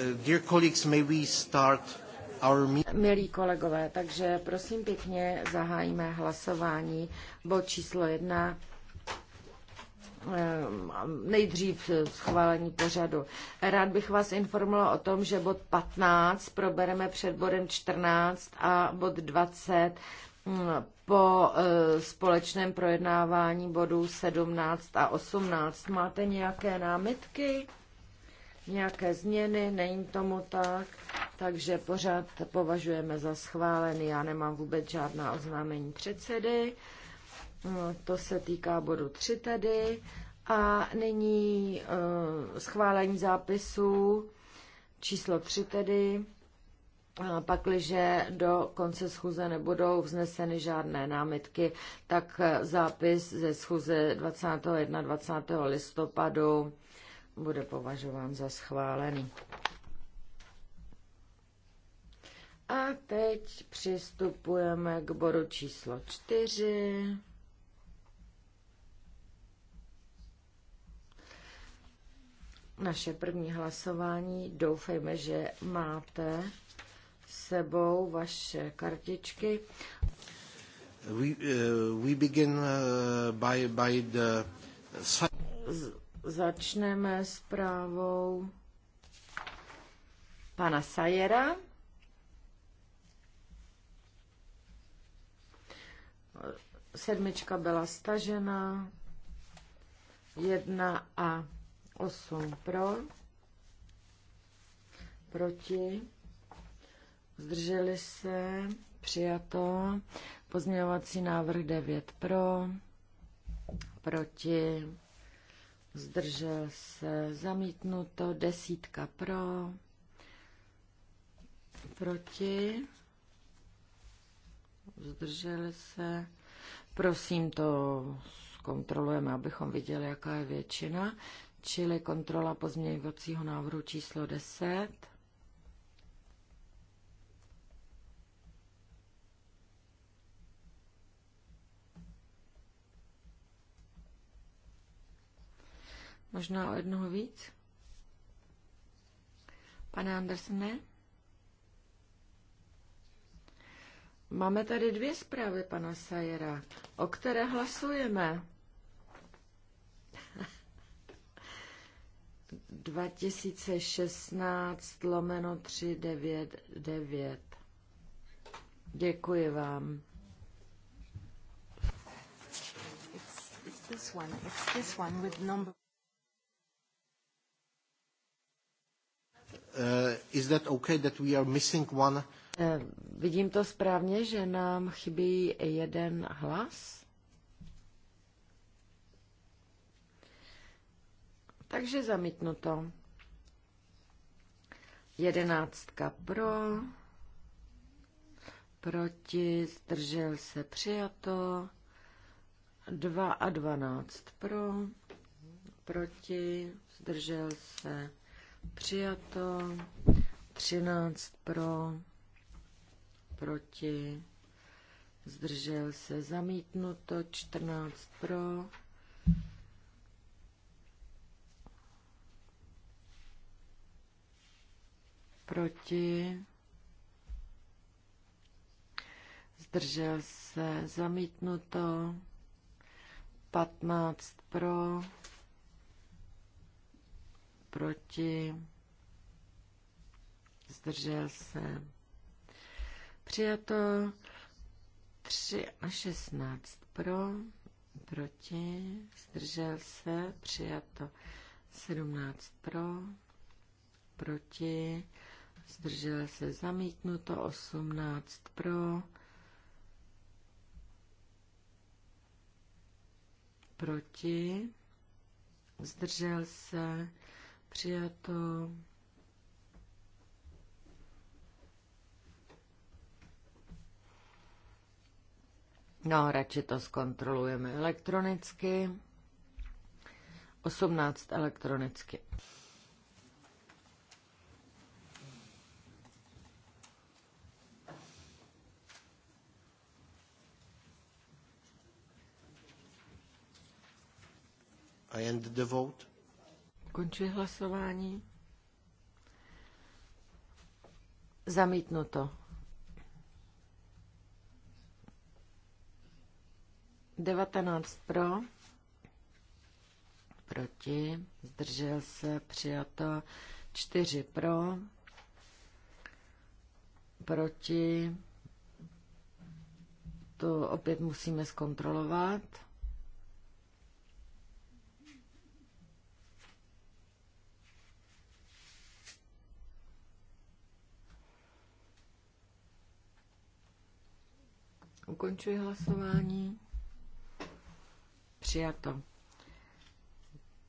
Eh, Milí kolegové, takže prosím pěkně zahájíme hlasování. Bod číslo jedna, eh, nejdřív schválení pořadu. Rád bych vás informoval o tom, že bod 15 probereme před bodem 14 a bod 20 mm, po eh, společném projednávání bodů 17 a 18. Máte nějaké námitky? nějaké změny, není tomu tak, takže pořád považujeme za schválený. Já nemám vůbec žádná oznámení předsedy, no, to se týká bodu 3 tedy. A nyní eh, schválení zápisu číslo 3 tedy. Pakliže do konce schůze nebudou vzneseny žádné námitky, tak eh, zápis ze schůze 21. 20. listopadu bude považován za schválený. A teď přistupujeme k bodu číslo čtyři. Naše první hlasování. Doufejme, že máte sebou vaše kartičky. We, uh, we begin uh, by, by the... Začneme s právou pana Sajera. Sedmička byla stažena. Jedna a osm pro. Proti. Zdrželi se. Přijato. Pozměňovací návrh 9 pro. Proti zdržel se, zamítnuto, desítka pro, proti, zdržel se, prosím to zkontrolujeme, abychom viděli, jaká je většina, čili kontrola pozměňovacího návrhu číslo 10. Možná o jednoho víc? Pane Andersne? Máme tady dvě zprávy pana Sajera, o které hlasujeme. 2016 lomeno 399. Děkuji vám. It's, it's this one. It's this one with number... Uh, is that okay that we are missing one? Eh, vidím to správně, že nám chybí jeden hlas? Takže zamítnuto. Jedenáctka pro, proti, zdržel se přijato, dva a dvanáct pro, proti, zdržel se Přijato 13 pro, proti, zdržel se zamítnuto 14 pro, proti, zdržel se zamítnuto 15 pro, proti, zdržel se. Přijato 3 a 16 pro, proti, zdržel se, přijato 17 pro, proti, zdržel se, zamítnuto 18 pro, proti, zdržel se, přijato. No, radši to zkontrolujeme elektronicky. 18 elektronicky. I end the vote. Končí hlasování. Zamítnuto. 19 pro, proti, zdržel se, přijato, 4 pro, proti, to opět musíme zkontrolovat. Ukončuji hlasování. Přijato.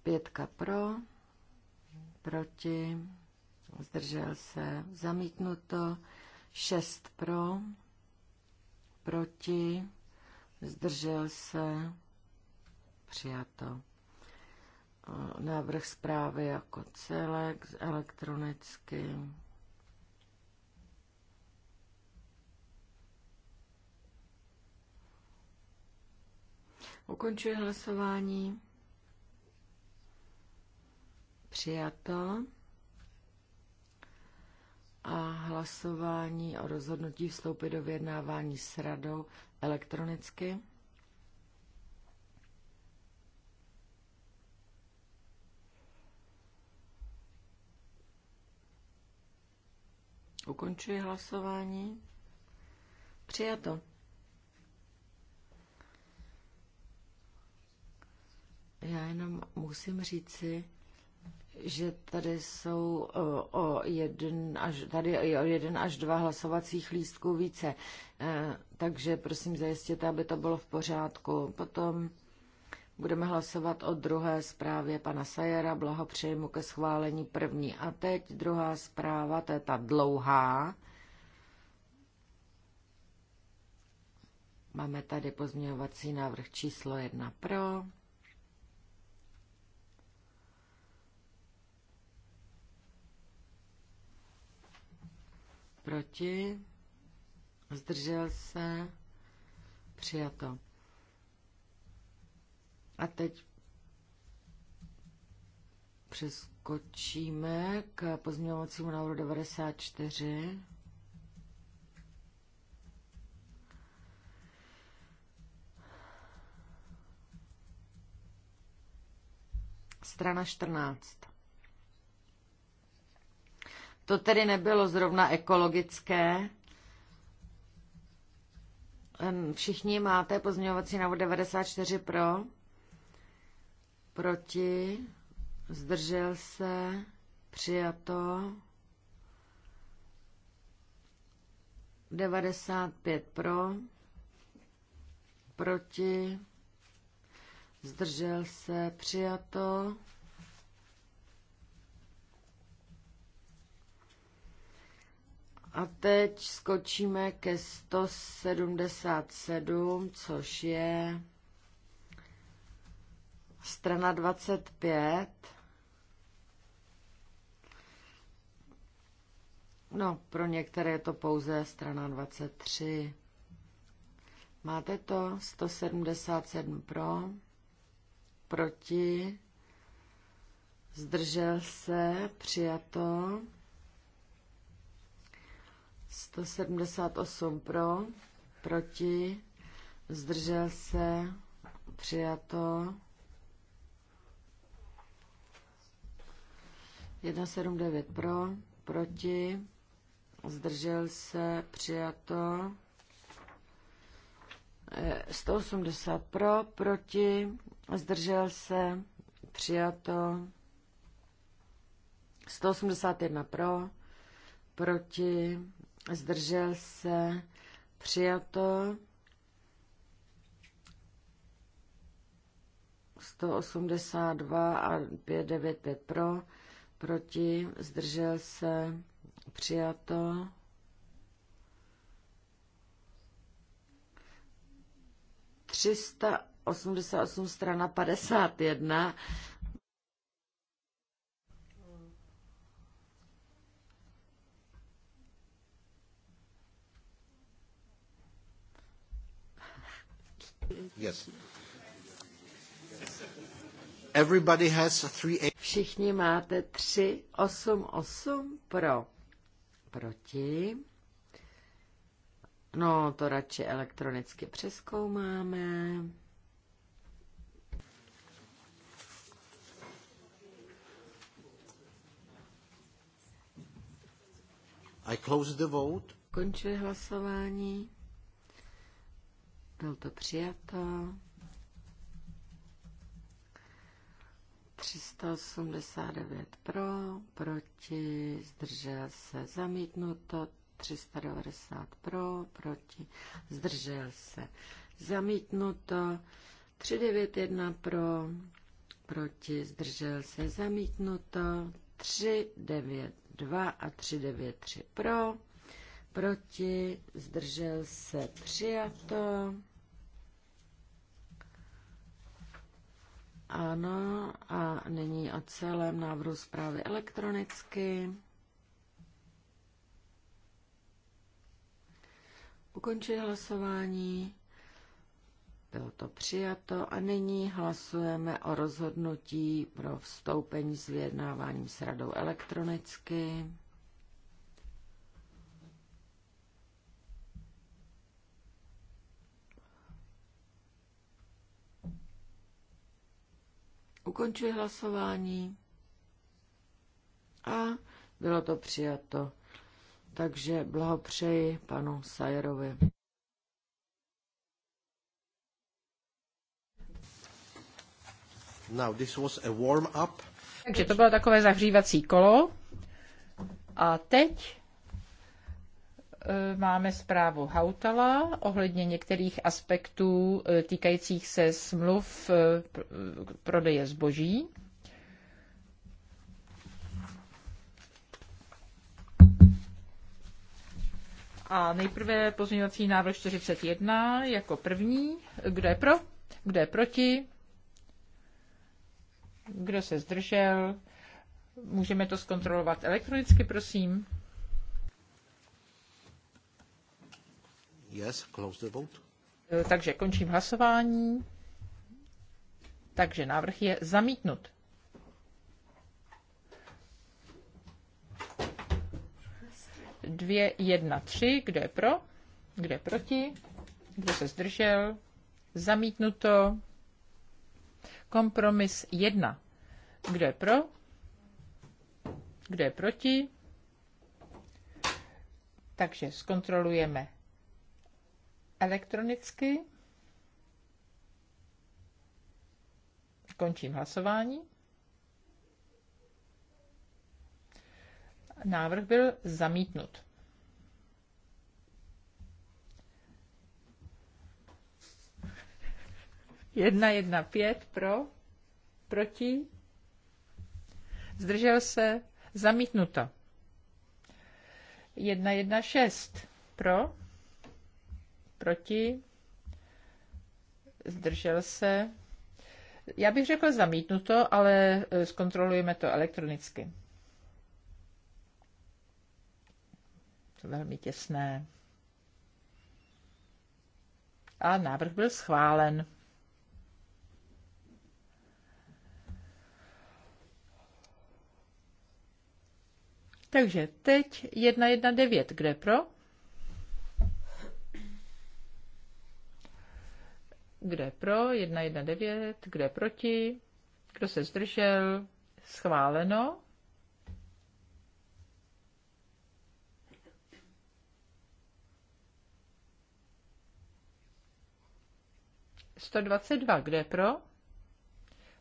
Pětka pro, proti, zdržel se, zamítnuto. Šest pro, proti, zdržel se, přijato. Návrh zprávy jako celek elektronicky. Ukončuji hlasování. Přijato. A hlasování o rozhodnutí vstoupit do vyjednávání s radou elektronicky. Ukončuji hlasování. Přijato. Já jenom musím říci, že tady jsou eh, o jeden až, tady je o jeden až dva hlasovacích lístků více. Eh, takže prosím zajistěte, aby to bylo v pořádku. Potom budeme hlasovat o druhé zprávě pana Sajera. Blahopřeji mu ke schválení první. A teď druhá zpráva, to je ta dlouhá. Máme tady pozměňovací návrh číslo jedna pro Proti? Zdržel se? Přijato. A teď přeskočíme k pozměňovacímu návrhu 94. Strana 14. To tedy nebylo zrovna ekologické. Všichni máte pozměňovací návod 94 pro, proti, zdržel se, přijato, 95 pro, proti, zdržel se, přijato. A teď skočíme ke 177, což je strana 25. No, pro některé je to pouze strana 23. Máte to 177 pro, proti, zdržel se, přijato. 178 pro, proti, zdržel se, přijato. 179 pro, proti, zdržel se, přijato. 180 pro, proti, zdržel se, přijato. 181 pro, proti, zdržel se, přijato. 182 a 595 pro, proti, zdržel se, přijato. Třista 88 strana 51 Yes. Everybody has three... Všichni máte pro. Proti. No, to radši elektronicky přeskoumáme. I close the vote. Končuje hlasování. Byl to přijato. 389 pro, proti, zdržel se zamítnuto, 390 pro, proti, zdržel se zamítnuto, 391 pro, proti, zdržel se zamítnuto, 392 a 393 pro, proti, zdržel se přijato. Ano, a nyní o celém návrhu zprávy elektronicky. Ukončuji hlasování. Bylo to přijato a nyní hlasujeme o rozhodnutí pro vstoupení s vyjednáváním s radou elektronicky. Ukončuji hlasování. A bylo to přijato. Takže blahopřeji panu Sajerovi. Now, this was a warm up. Takže to bylo takové zahřívací kolo. A teď Eh, máme zprávu Hautala ohledně některých aspektů eh, týkajících se smluv eh, prodeje zboží. A nejprve pozměňovací návrh 41 jako první. Kdo je pro? Kdo je proti? Kdo se zdržel? Můžeme to zkontrolovat elektronicky, prosím. Yes, close the vote. E, takže končím hlasování. Takže návrh je zamítnut. Dvě, jedna, tři. Kdo je pro? Kdo je proti? Kdo se zdržel? Zamítnuto. Kompromis jedna. Kdo je pro? Kdo je proti? Takže zkontrolujeme elektronicky. Končím hlasování. Návrh byl zamítnut. Jedna, jedna, pět pro, proti, zdržel se, zamítnuto. Jedna, jedna, šest pro, proti, zdržel se. Já bych řekl zamítnuto, ale e, zkontrolujeme to elektronicky. To velmi těsné. A návrh byl schválen. Takže teď 1.1.9. Kde pro? Kdo je pro? 119. Kdo je proti? Kdo se zdržel? Schváleno. Sto dvacet dva. Kdo je pro?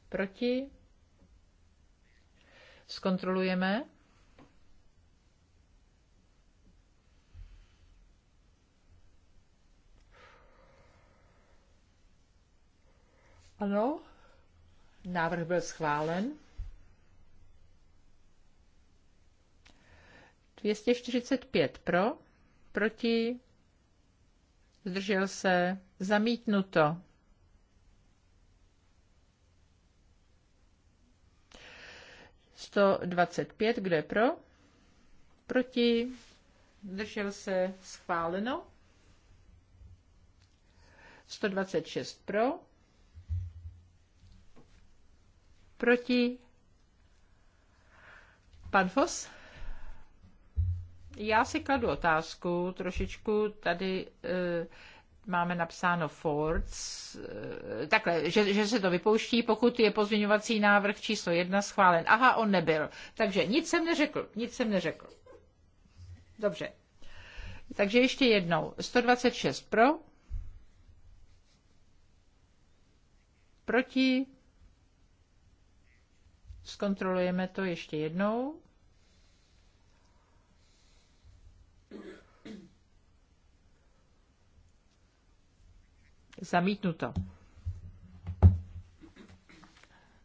Proti? Zkontrolujeme. Ano, návrh byl schválen. 245 pro, proti, zdržel se, zamítnuto. Sto dvacet pět, kdo je pro? Proti, zdržel se, schváleno. Sto dvacet šest pro, Proti? Pan Fos? Já si kladu otázku trošičku tady. E, máme napsáno Fords, e, takhle, že, že se to vypouští, pokud je pozměňovací návrh číslo jedna schválen. Aha, on nebyl. Takže nic jsem neřekl, nic jsem neřekl. Dobře. Takže ještě jednou. 126 pro. Proti. Zkontrolujeme to ještě jednou. Zamítnuto.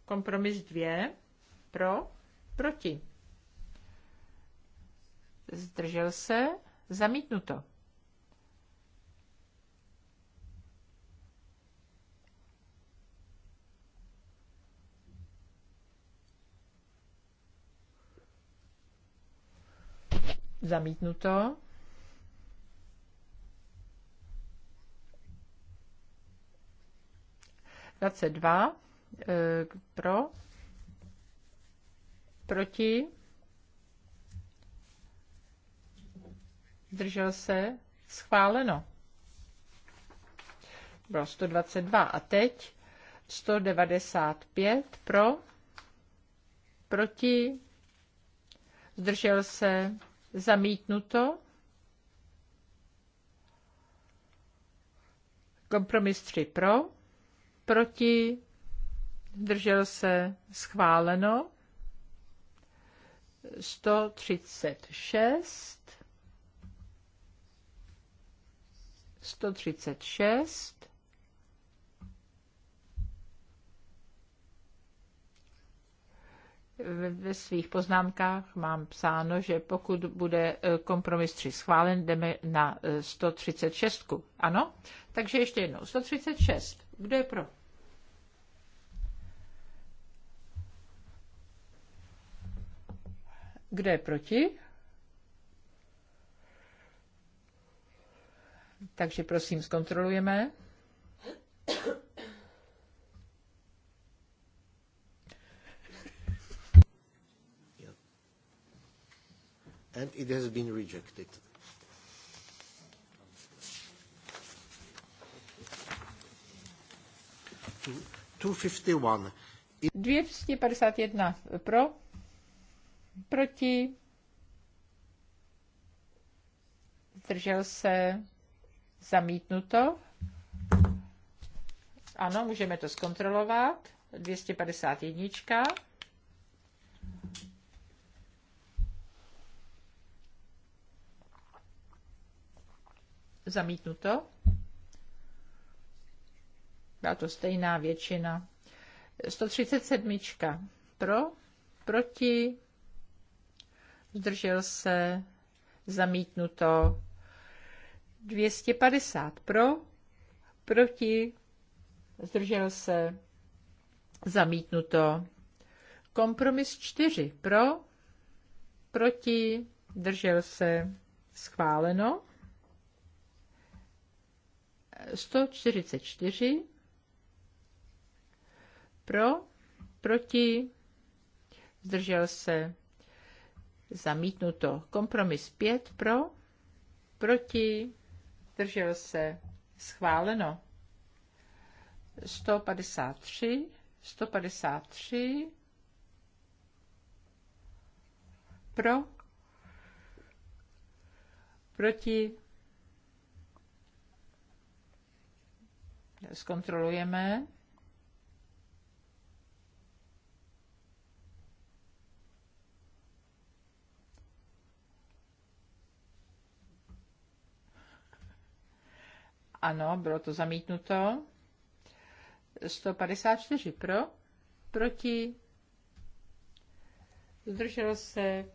Kompromis 2. Pro. Proti. Zdržel se. Zamítnuto. Zamítnuto. Dvacet dva. Eh, pro. Proti. Zdržel se. Schváleno. Bylo 122. A teď 195 pro, proti, zdržel se, Zamítnuto. Kompromis 3 pro. Proti. držel se. Schváleno. 136. 136. ve svých poznámkách mám psáno, že pokud bude e, kompromis 3 schválen, jdeme na 136. E, ano? Takže ještě jednou. 136. Kdo je pro? Kdo je proti? Takže prosím, zkontrolujeme. and it has been rejected. Two, 251. 251 pro, proti, zdržel se, zamítnuto. Ano, můžeme to zkontrolovat. 251. Zamítnuto. Byla to stejná většina. 137. Pro, proti, zdržel se, zamítnuto. 250 pro, proti, zdržel se, zamítnuto. Kompromis 4 pro, proti, držel se, schváleno. 144 pro, proti, zdržel se, zamítnuto. Kompromis 5 pro, proti, zdržel se, schváleno. 153, 153 pro, proti, zkontrolujeme. Ano, bylo to zamítnuto. 154 pro, proti, zdrželo se,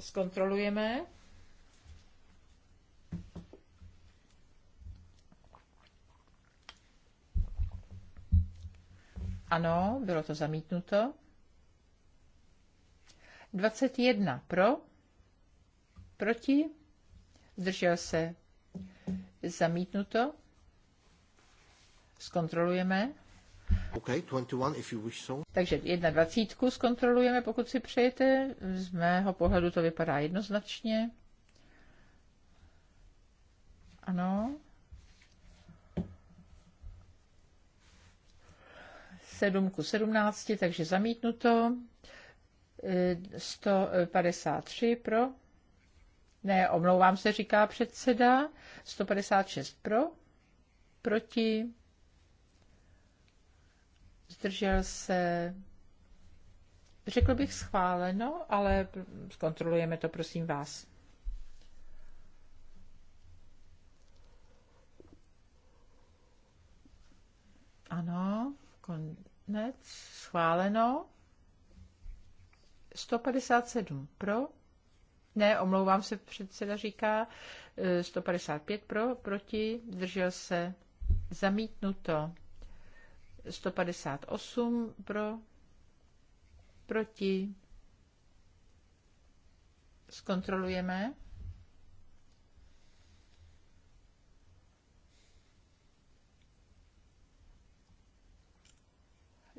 zkontrolujeme. Ano, bylo to zamítnuto. 21 pro, proti, zdržel se, zamítnuto. Zkontrolujeme. Okay, 21, if you wish so. Takže 21 zkontrolujeme, pokud si přejete. Z mého pohledu to vypadá jednoznačně. Ano. 7 ku 17, takže zamítnuto. 153 e, pro. Ne, omlouvám se, říká předseda. 156 pro. Proti. Zdržel se. Řekl bych schváleno, ale zkontrolujeme to, prosím vás. Ano, Konec. Schváleno. 157 pro. Ne, omlouvám se, předseda říká. 155 eh, pro, proti, zdržel se. Zamítnuto. 158 pro, proti. Zkontrolujeme.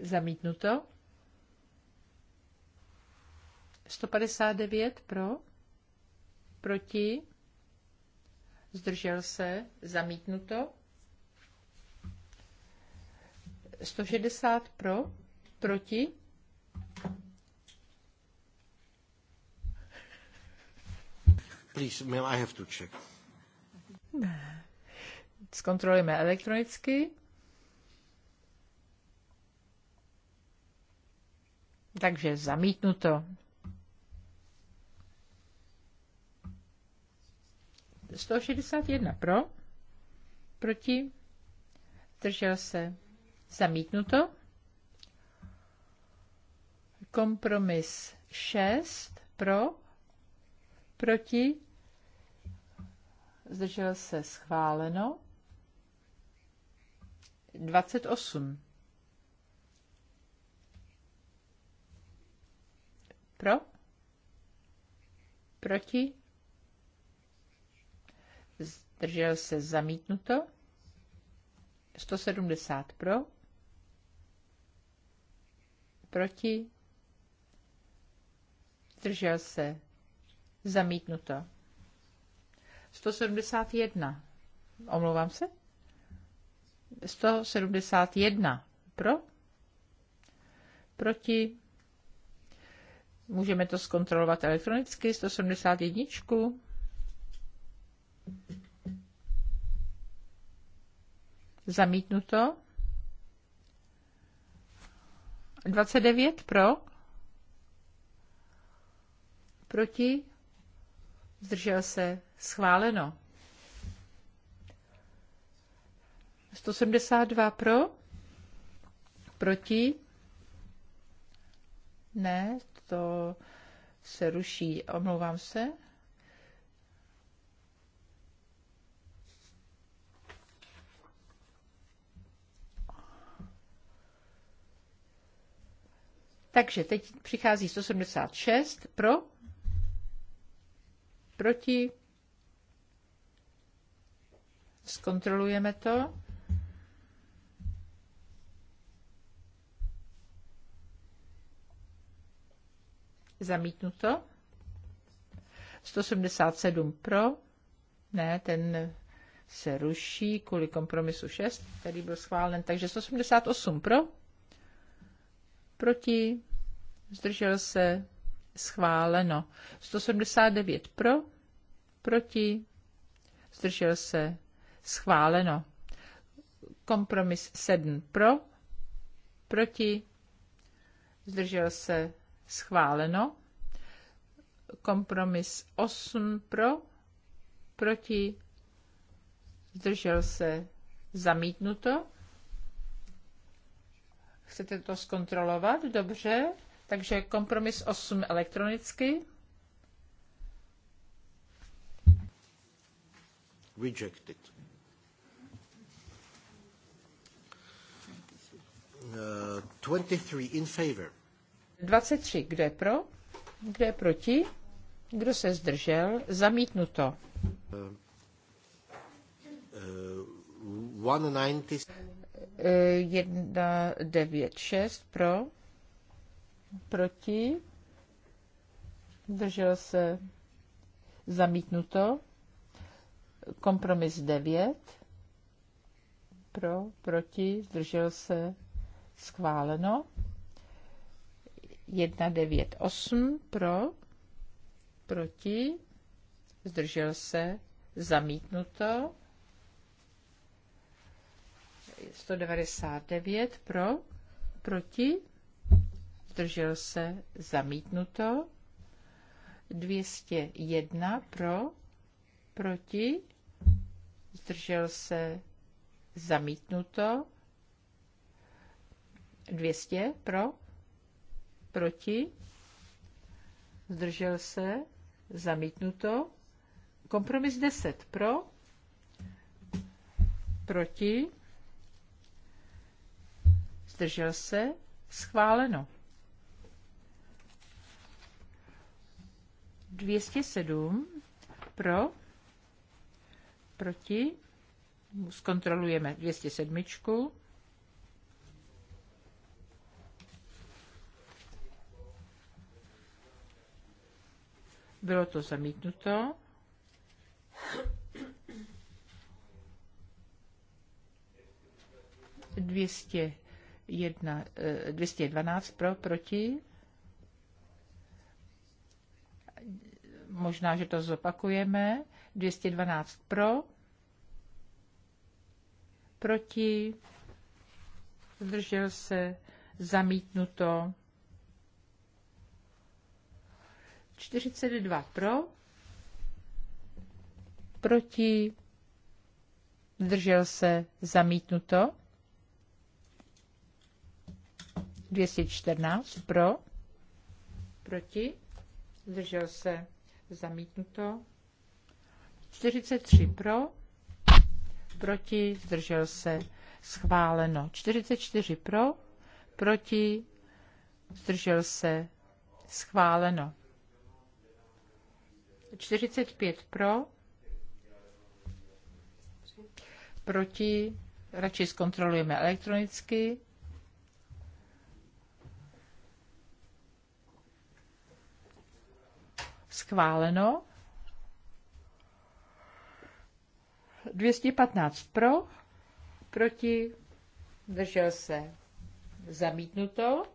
Zamítnuto. 159 pro, proti, zdržel se, zamítnuto. 160 pro, proti. Please, may I have to check. Ne. Zkontrolujeme elektronicky. Takže zamítnuto. 161 pro, proti, držel se, zamítnuto. Kompromis 6 pro, proti, zdržel se, schváleno. 28 Pro? Proti? Zdržel se zamítnuto. 170 pro. Proti? Zdržel se zamítnuto. 171. Omlouvám se? 171 pro. Proti? Můžeme to zkontrolovat elektronicky, 171. Zamítnuto. 29 pro. Proti. Zdržel se. Schváleno. 172 pro. Proti. Ne, to se ruší. Omlouvám se. Takže teď přichází 176 pro, proti, zkontrolujeme to. Zamítnuto. 187 pro. Ne, ten se ruší kvůli kompromisu 6, který byl schválen. Takže 188 pro. Proti. Zdržel se. Schváleno. 179 pro. Proti. Zdržel se. Schváleno. Kompromis 7 pro. Proti. Zdržel se. Schváleno. Kompromis 8 pro, proti, zdržel se, zamítnuto. Chcete to zkontrolovat? Dobře. Takže kompromis 8 elektronicky. Rejected. Uh, 23 in favor. 23. Kdo je pro? Kdo je proti? Kdo se zdržel? Zamítnuto. Uh, uh, 196 pro, proti, Zdržel se zamítnuto, kompromis 9, pro, proti, zdržel se schváleno. 198 pro, proti, zdržel se, zamítnuto. 199 pro, proti, zdržel se, zamítnuto. 201 pro, proti, zdržel se, zamítnuto. 200 pro, proti, zdržel se, zamítnuto. Kompromis 10 pro, proti, zdržel se, schváleno. 207 pro, proti, zkontrolujeme 207. Bylo to zamítnuto. Dvěstě jedna, 212 eh, pro, proti. Možná, že to zopakujeme. 212 pro, proti, zdržel se, zamítnuto. 42 pro, proti, zdržel se, zamítnuto. 214 pro, proti, zdržel se, zamítnuto. 43 pro, proti, zdržel se, schváleno. 44 pro, proti, zdržel se, schváleno. 45 pro, proti, radši zkontrolujeme elektronicky. Schváleno. 215 pro, proti, držel se zamítnuto.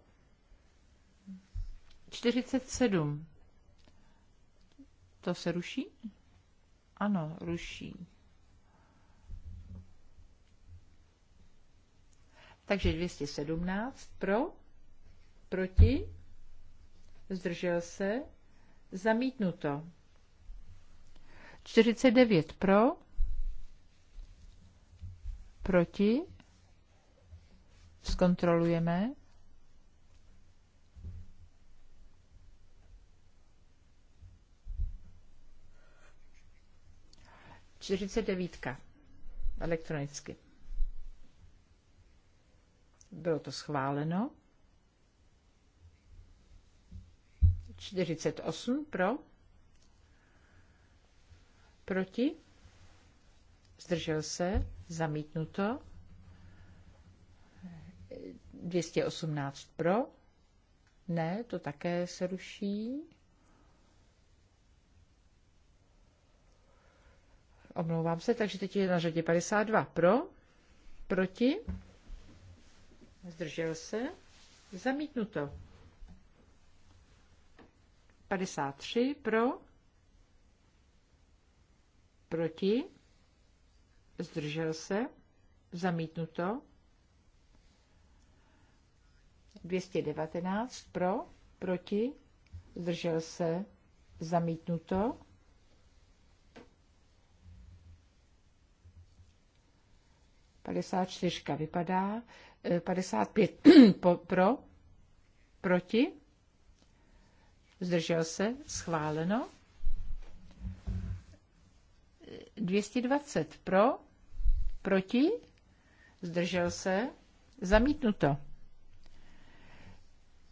47 to se ruší? Ano, ruší. Takže 217 pro, proti, zdržel se, zamítnuto. 49 pro, proti, zkontrolujeme. 49 elektronicky. Bylo to schváleno. 48 pro. Proti. Zdržel se. Zamítnuto. 218 pro. Ne, to také se ruší. Omlouvám se, takže teď je na řadě 52 pro, proti, zdržel se, zamítnuto. 53 pro, proti, zdržel se, zamítnuto. 219 pro, proti, zdržel se, zamítnuto. 54 vypadá, 55 eh, pro, proti, zdržel se, schváleno. 220 pro, proti, zdržel se, zamítnuto.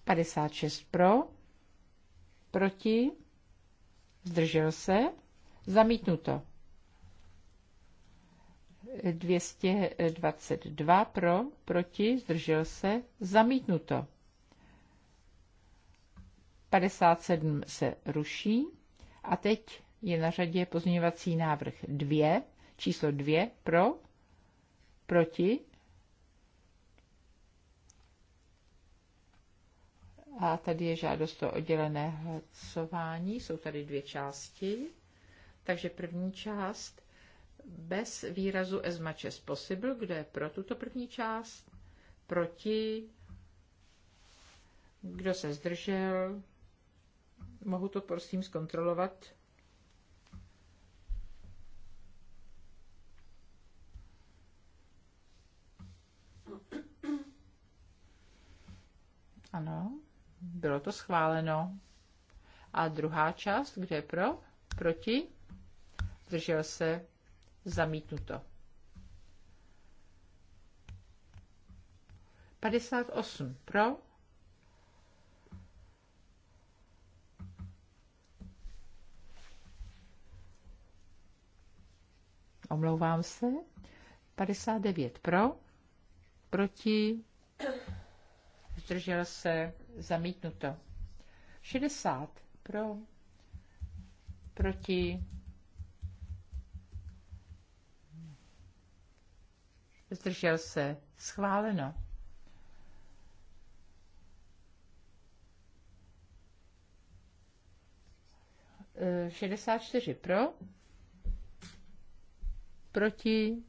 56 pro, proti, zdržel se, zamítnuto. 222 pro, proti, zdržel se, zamítnuto. 57 se ruší a teď je na řadě pozměňovací návrh 2, číslo 2 pro, proti, A tady je žádost o oddělené hlasování. Jsou tady dvě části. Takže první část bez výrazu as much as possible, kdo je pro tuto první část, proti, kdo se zdržel, mohu to prosím zkontrolovat. Ano, bylo to schváleno. A druhá část, kde je pro? Proti? Zdržel se Zamítnuto. 58 pro. Omlouvám se. 59 pro. Proti. Zdržel se. Zamítnuto. 60 pro. Proti zdržel se, schváleno. E, 64 pro, proti,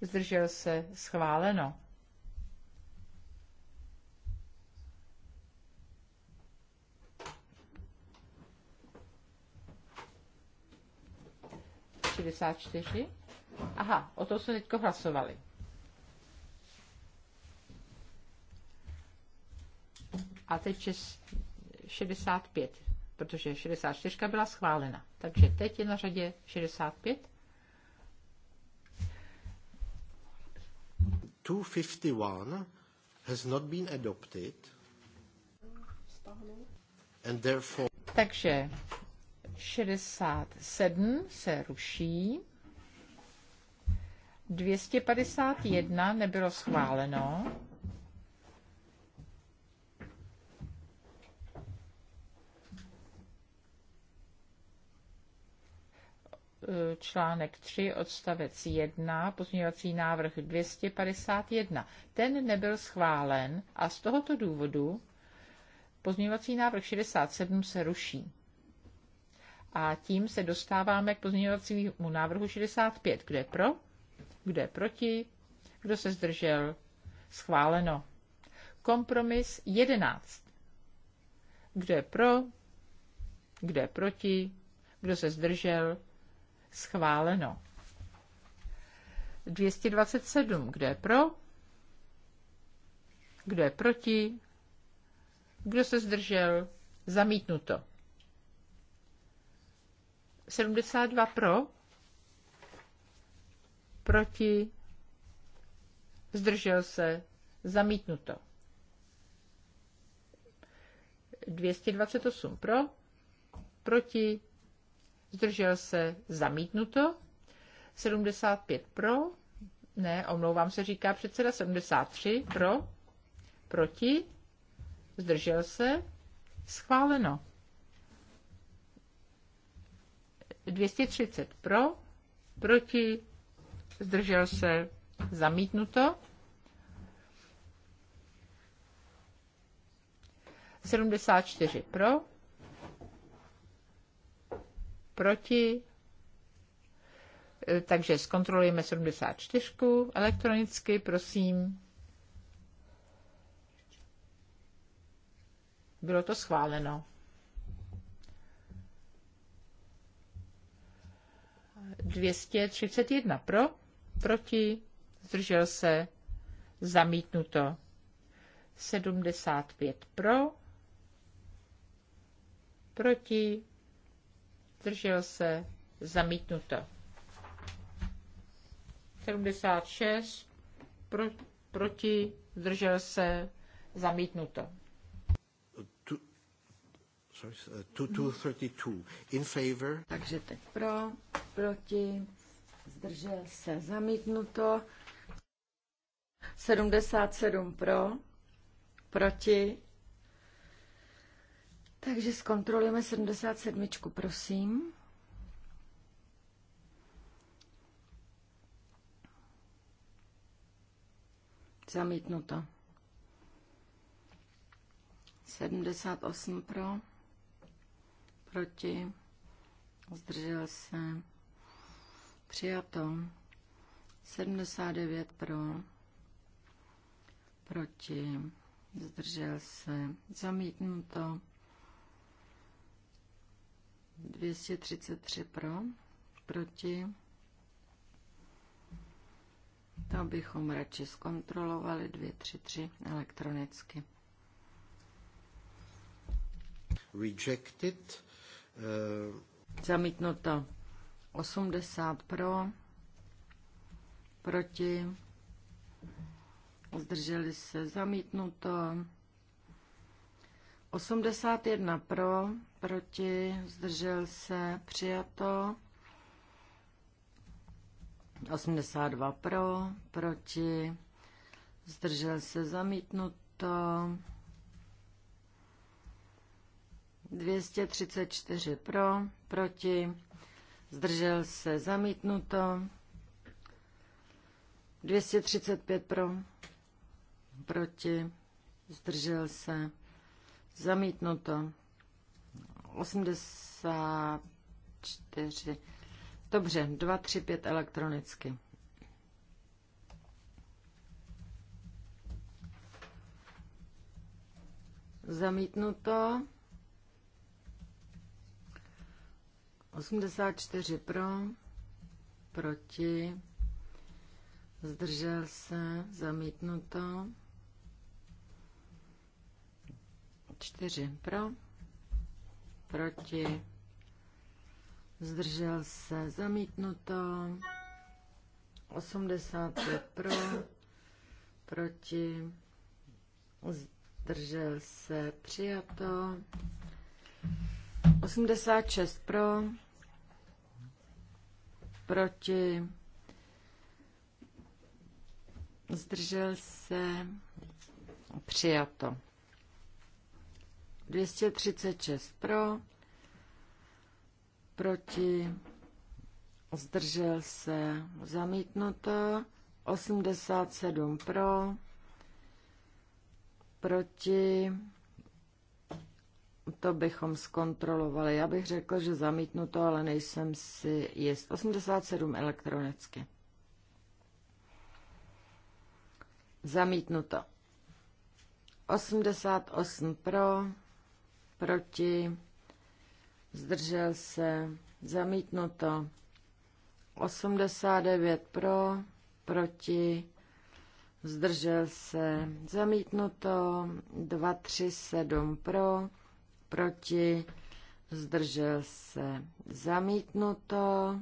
zdržel se, schváleno. Šedesát čtyři. Aha, o to jsme teďko hlasovali. A teď 65, protože 64 byla schválena. Takže teď je na řadě 65. 251 has not been adopted. And therefore... Takže 67 se ruší. 251 nebylo schváleno. E, článek 3, odstavec 1, pozměňovací návrh 251. Ten nebyl schválen a z tohoto důvodu pozměňovací návrh 67 se ruší. A tím se dostáváme k pozměňovacímu návrhu 65. Kde pro? Kdo je proti? Kdo se zdržel? Schváleno. Kompromis 11. Kdo je pro? Kdo je proti? Kdo se zdržel? Schváleno. 227. Kdo je pro? Kdo je proti? Kdo se zdržel? Zamítnuto. 72 pro, proti, zdržel se, zamítnuto. 228 pro, proti, zdržel se, zamítnuto. 75 pro, ne, omlouvám se, říká předseda, 73 pro, proti, zdržel se, schváleno. 230 pro, proti, zdržel se, zamítnuto. 74 pro, proti, e, takže zkontrolujeme 74 elektronicky, prosím. Bylo to schváleno. Dvěstě třicet jedna pro proti, zdržel se, zamítnuto. 75 pro, proti, zdržel se, zamítnuto. 76 pro, proti, zdržel se, zamítnuto. 232 eh, in favor. Takže teď pro, proti, zdržel se, zamítnuto. 77 pro, proti. Takže zkontrolujeme 77, prosím. Zamítnuto. 78 pro, proti, zdržel se Přijato. 79 pro. Proti. Zdržel se. Zamítnuto. 233 pro. Proti. To bychom radši zkontrolovali 233 elektronicky. Rejected. Uh... Zamítnuto. 80 pro, proti, zdrželi se zamítnuto, 81 pro, proti, zdržel se přijato, 82 pro, proti, zdržel se zamítnuto, 234 pro, proti, zdržel se zamítnuto. 235 pro, proti, zdržel se zamítnuto. 84. Dobře, 235 elektronicky. Zamítnuto. 84 pro, proti, zdržel se, zamítnuto. 4 pro, proti, zdržel se, zamítnuto. 85 pro, proti, zdržel se, přijato. 86 pro, proti, zdržel se, přijato. 236 pro, proti, zdržel se, zamítnuto, 87 pro, proti, to bychom zkontrolovali. Já bych řekl, že zamítnuto, ale nejsem si jist. 87 elektronicky. Zamítnuto. 88 pro, proti, zdržel se, zamítnuto. 89 pro, proti, zdržel se, zamítnuto. 237 pro, proti, zdržel se zamítnuto.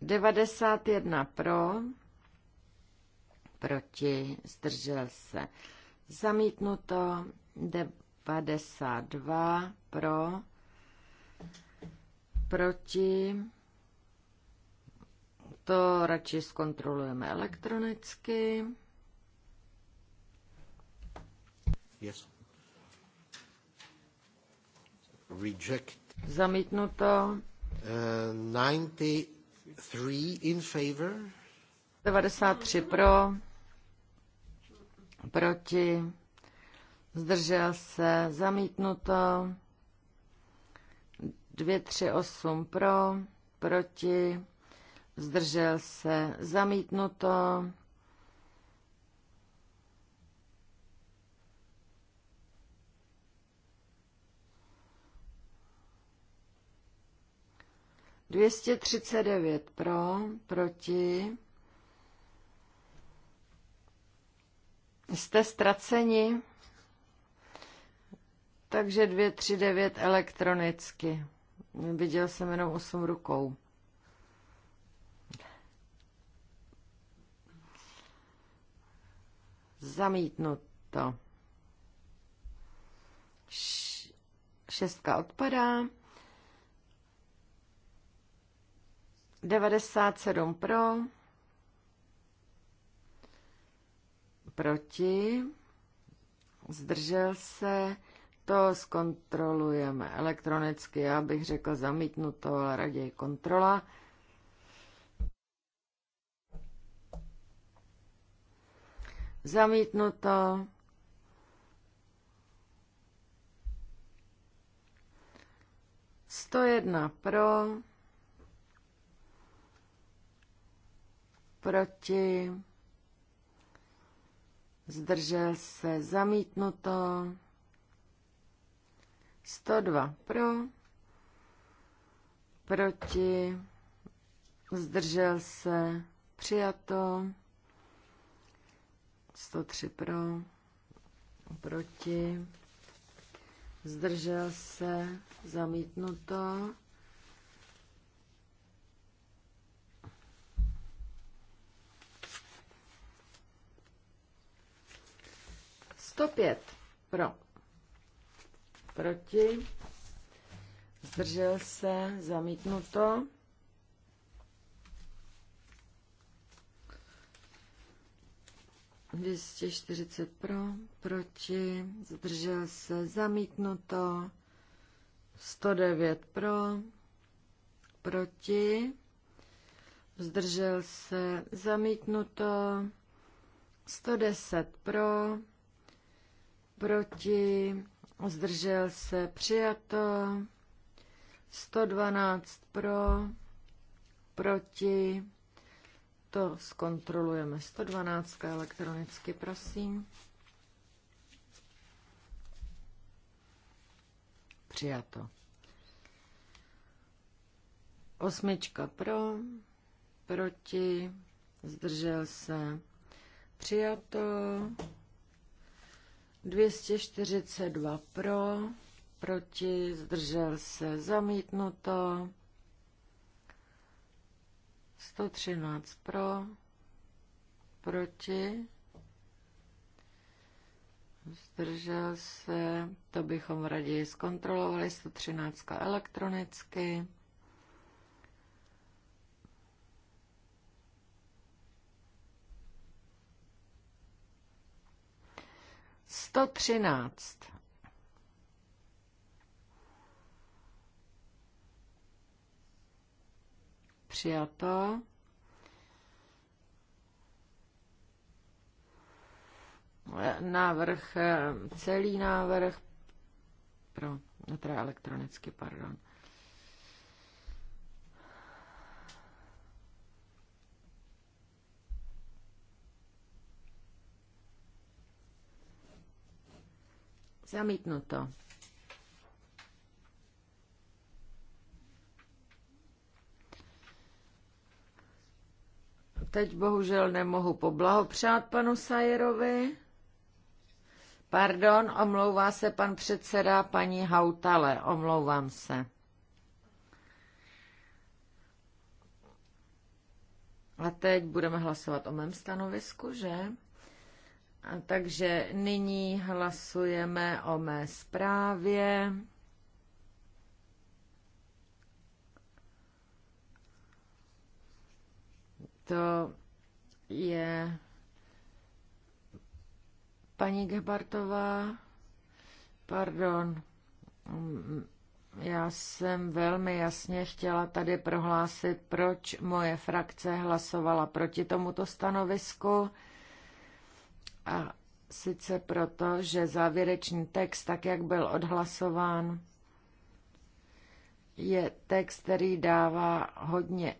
Devadesát jedna pro, proti, zdržel se. Zamítnuto dva pro, Proti. To radši zkontrolujeme elektronicky. Yes. Reject. Zamítnuto. Uh, eh, 93 in favor. 93 pro. Proti. Zdržel se. Zamítnuto. 2, 3, 8 pro, proti, zdržel se, zamítnuto. Dvěstě třicet devět pro, proti. Jste ztraceni, takže dvě, tři, devět elektronicky. Viděl jsem jenom osm rukou. Zamítnuto. Šestka odpadá. 97 pro. Proti. Zdržel se. To zkontrolujeme elektronicky, já bych řekl zamítnuto, ale raději kontrola. Zamítnuto. Sto jedna pro. Proti. Zdržel se zamítnuto. 102 pro, proti, zdržel se, přijato, 103 pro, proti, zdržel se, zamítnuto, Sto pro proti, zdržel se, zamítnuto. Dvěstě čtyřicet pro, proti, zdržel se, zamítnuto. 109 pro, proti, zdržel se, zamítnuto, 110 pro, proti, zdržel se, přijato, 112 pro, proti, to zkontrolujeme, 112 elektronicky, prosím. Přijato. Osmička pro, proti, zdržel se, přijato. 242 pro, proti, zdržel se, zamítnuto. 113 pro, proti, zdržel se, to bychom raději zkontrolovali, 113 elektronicky. 113. Přijato. Návrh, eh, celý návrh pro, teda elektronicky, pardon. Zamítnuto. Teď bohužel nemohu poblahopřát panu Sajerovi. Pardon, omlouvá se pan předseda paní Hautale, omlouvám se. A teď budeme hlasovat o mém stanovisku, že? A Takže nyní hlasujeme o mé zprávě. To je paní Gebartová. Pardon, já jsem velmi jasně chtěla tady prohlásit, proč moje frakce hlasovala proti tomuto stanovisku. A sice proto, že závěrečný text, tak jak byl odhlasován, je text, který dává hodně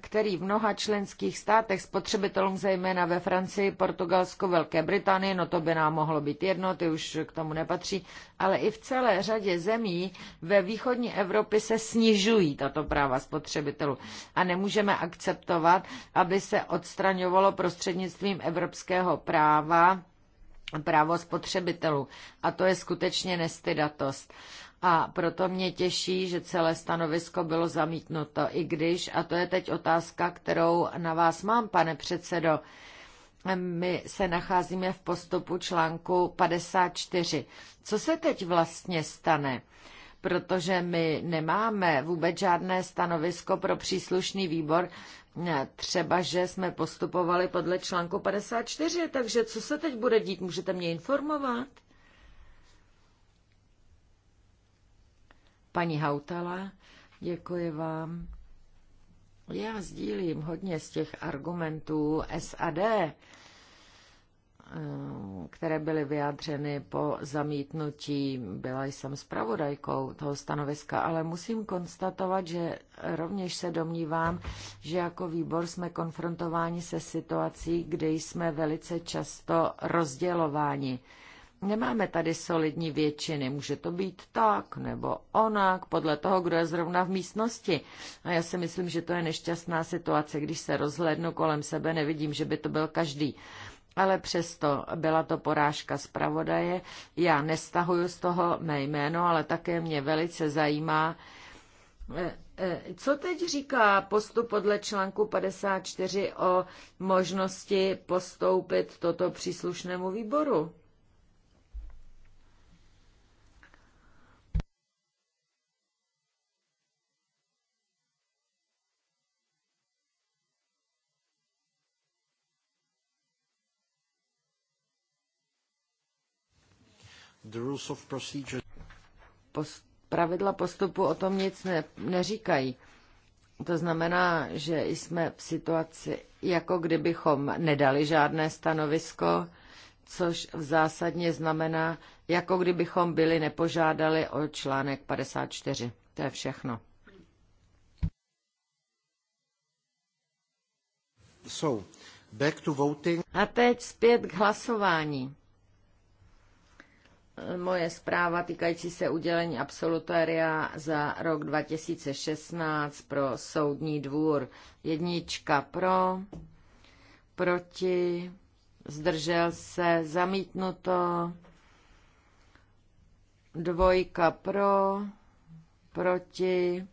který v mnoha členských státech spotřebitelům, zejména ve Francii, Portugalsku, Velké Británii, no to by nám mohlo být jedno, ty už k tomu nepatří, ale i v celé řadě zemí ve východní Evropě se snižují tato práva spotřebitelů. A nemůžeme akceptovat, aby se odstraňovalo prostřednictvím evropského práva právo spotřebitelů. A to je skutečně nestydatost. A proto mě těší, že celé stanovisko bylo zamítnuto, i když, a to je teď otázka, kterou na vás mám, pane předsedo, my se nacházíme v postupu článku 54. Co se teď vlastně stane? Protože my nemáme vůbec žádné stanovisko pro příslušný výbor, třeba že jsme postupovali podle článku 54, takže co se teď bude dít? Můžete mě informovat? Paní Hautala, děkuji vám. Já sdílím hodně z těch argumentů SAD, eh, které byly vyjádřeny po zamítnutí. Byla jsem zpravodajkou toho stanoviska, ale musím konstatovat, že rovněž se domnívám, že jako výbor jsme konfrontováni se situací, kde jsme velice často rozdělováni. Nemáme tady solidní většiny, může to být tak nebo onak, podle toho, kdo je zrovna v místnosti. A já si myslím, že to je nešťastná situace, když se rozhlednu kolem sebe, nevidím, že by to byl každý. Ale přesto byla to porážka zpravodaje. Já nestahuju z toho mé jméno, ale také mě velice zajímá, eh, eh, co teď říká postup podle článku 54 o možnosti postoupit toto příslušnému výboru? The rules of procedure. Post, pravidla postupu o tom nic ne, neříkají. To znamená, že jsme v situaci, jako kdybychom nedali žádné stanovisko, což v zásadně znamená, jako kdybychom byli nepožádali o článek 54. To je všechno. So, back to voting. A teď zpět k hlasování moje zpráva týkající se udělení absolutoria za rok 2016 pro Soudní dvůr. Jednička pro, proti, zdržel se, zamítnuto, dvojka pro, proti,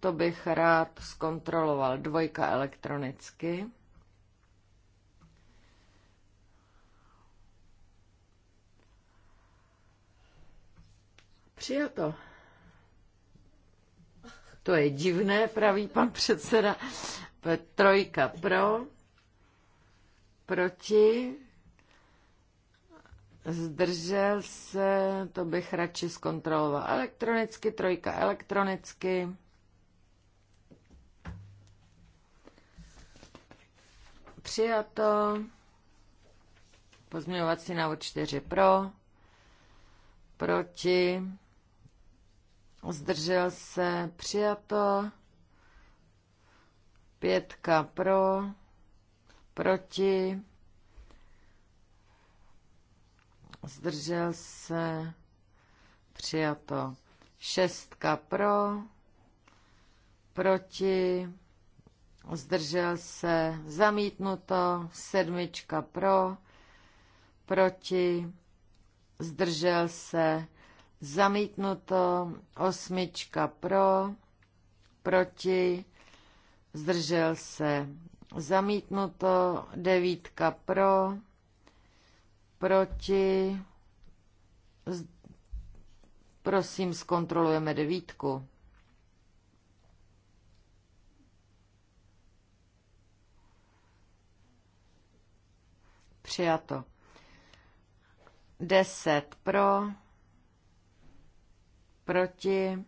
to bych rád zkontroloval, dvojka elektronicky. Přijato. To je divné, pravý pan předseda. Trojka pro, proti, zdržel se, to bych radši zkontroloval. Elektronicky, trojka elektronicky. Přijato. Pozměňovací návod 4 pro, proti, zdržel se, přijato, pětka pro, proti, zdržel se, přijato, šestka pro, proti, zdržel se, zamítnuto, sedmička pro, proti, zdržel se, Zamítnuto. Osmička pro. Proti. Zdržel se. Zamítnuto. Devítka pro. Proti. Z... Prosím, zkontrolujeme devítku. Přijato. Deset pro, proti,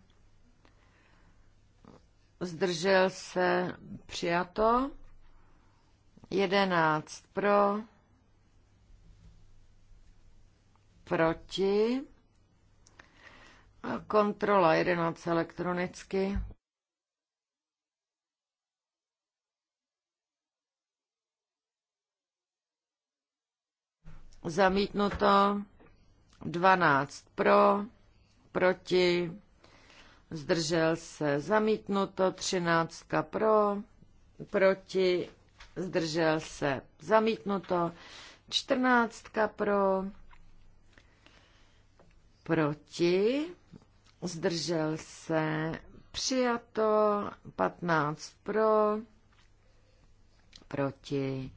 zdržel se, přijato, 11 pro, proti, kontrola 11 elektronicky, Zamítnuto 12 pro, proti, zdržel se zamítnuto, 13 pro, proti, zdržel se zamítnuto, 14 pro, proti, zdržel se přijato, 15 pro, proti,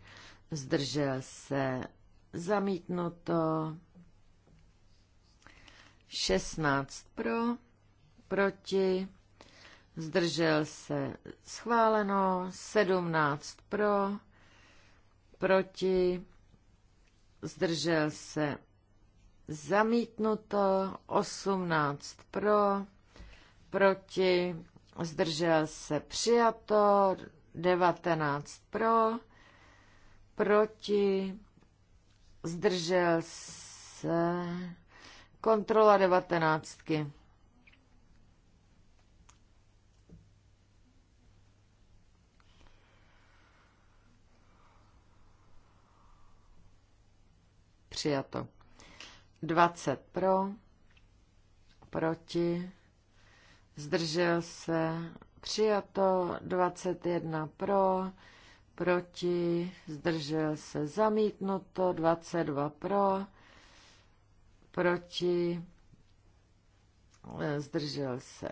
zdržel se zamítnuto, 16 pro, proti, zdržel se schváleno, 17 pro, proti, zdržel se zamítnuto, 18 pro, proti, zdržel se přijato, 19 pro, proti, zdržel se Kontrola devatenáctky. Přijato. 20 pro, proti, zdržel se, přijato, 21 pro, proti, zdržel se, zamítnuto, 22 pro, proti, eh, zdržel se.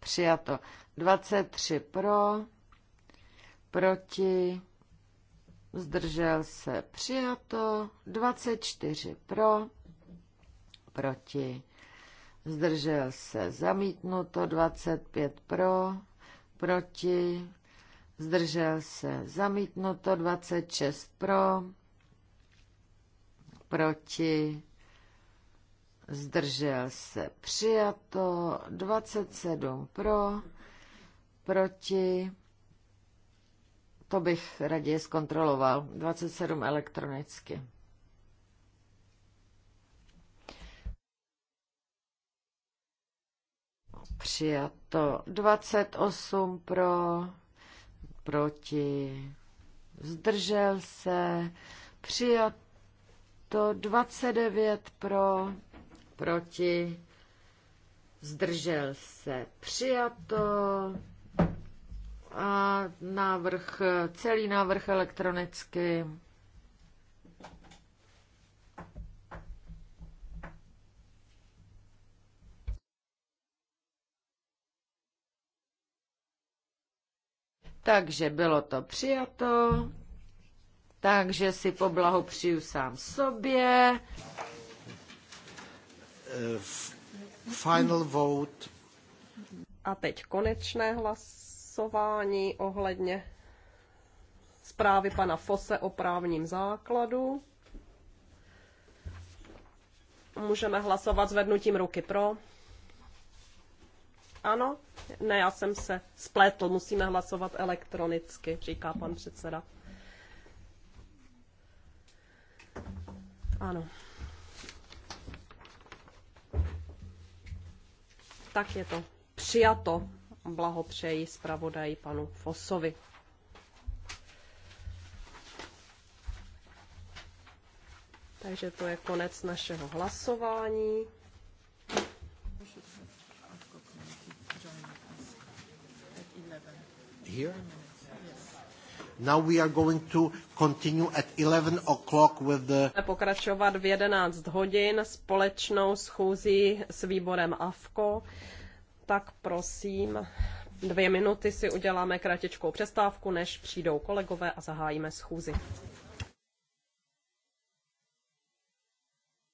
Přijato. 23 pro, proti, zdržel se. Přijato. 24 pro, proti, zdržel se. Zamítnuto. 25 pro, proti, zdržel se. Zamítnuto. 26 pro, proti, zdržel se přijato, 27 pro, proti, to bych raději zkontroloval, 27 elektronicky. Přijato 28 pro, proti, zdržel se, přijato 29 pro, proti, zdržel se přijato a návrh, celý návrh elektronicky. Takže bylo to přijato, takže si poblahopřiju sám sobě. Eh, final vote. A teď konečné hlasování ohledně zprávy pana Fose o právním základu. Můžeme hlasovat zvednutím ruky pro. Ano? Ne, já jsem se splétl. Musíme hlasovat elektronicky, říká pan předseda. Ano. tak je to přijato. Blahopřeji zpravodaji panu Fosovi. Takže to je konec našeho hlasování. Here? Now we are going to continue at 11 o'clock with the... Pokračovat v 11 hodin společnou schůzí s výborem AFKO. Tak prosím, dvě minuty si uděláme kratičkou přestávku, než přijdou kolegové a zahájíme schůzi.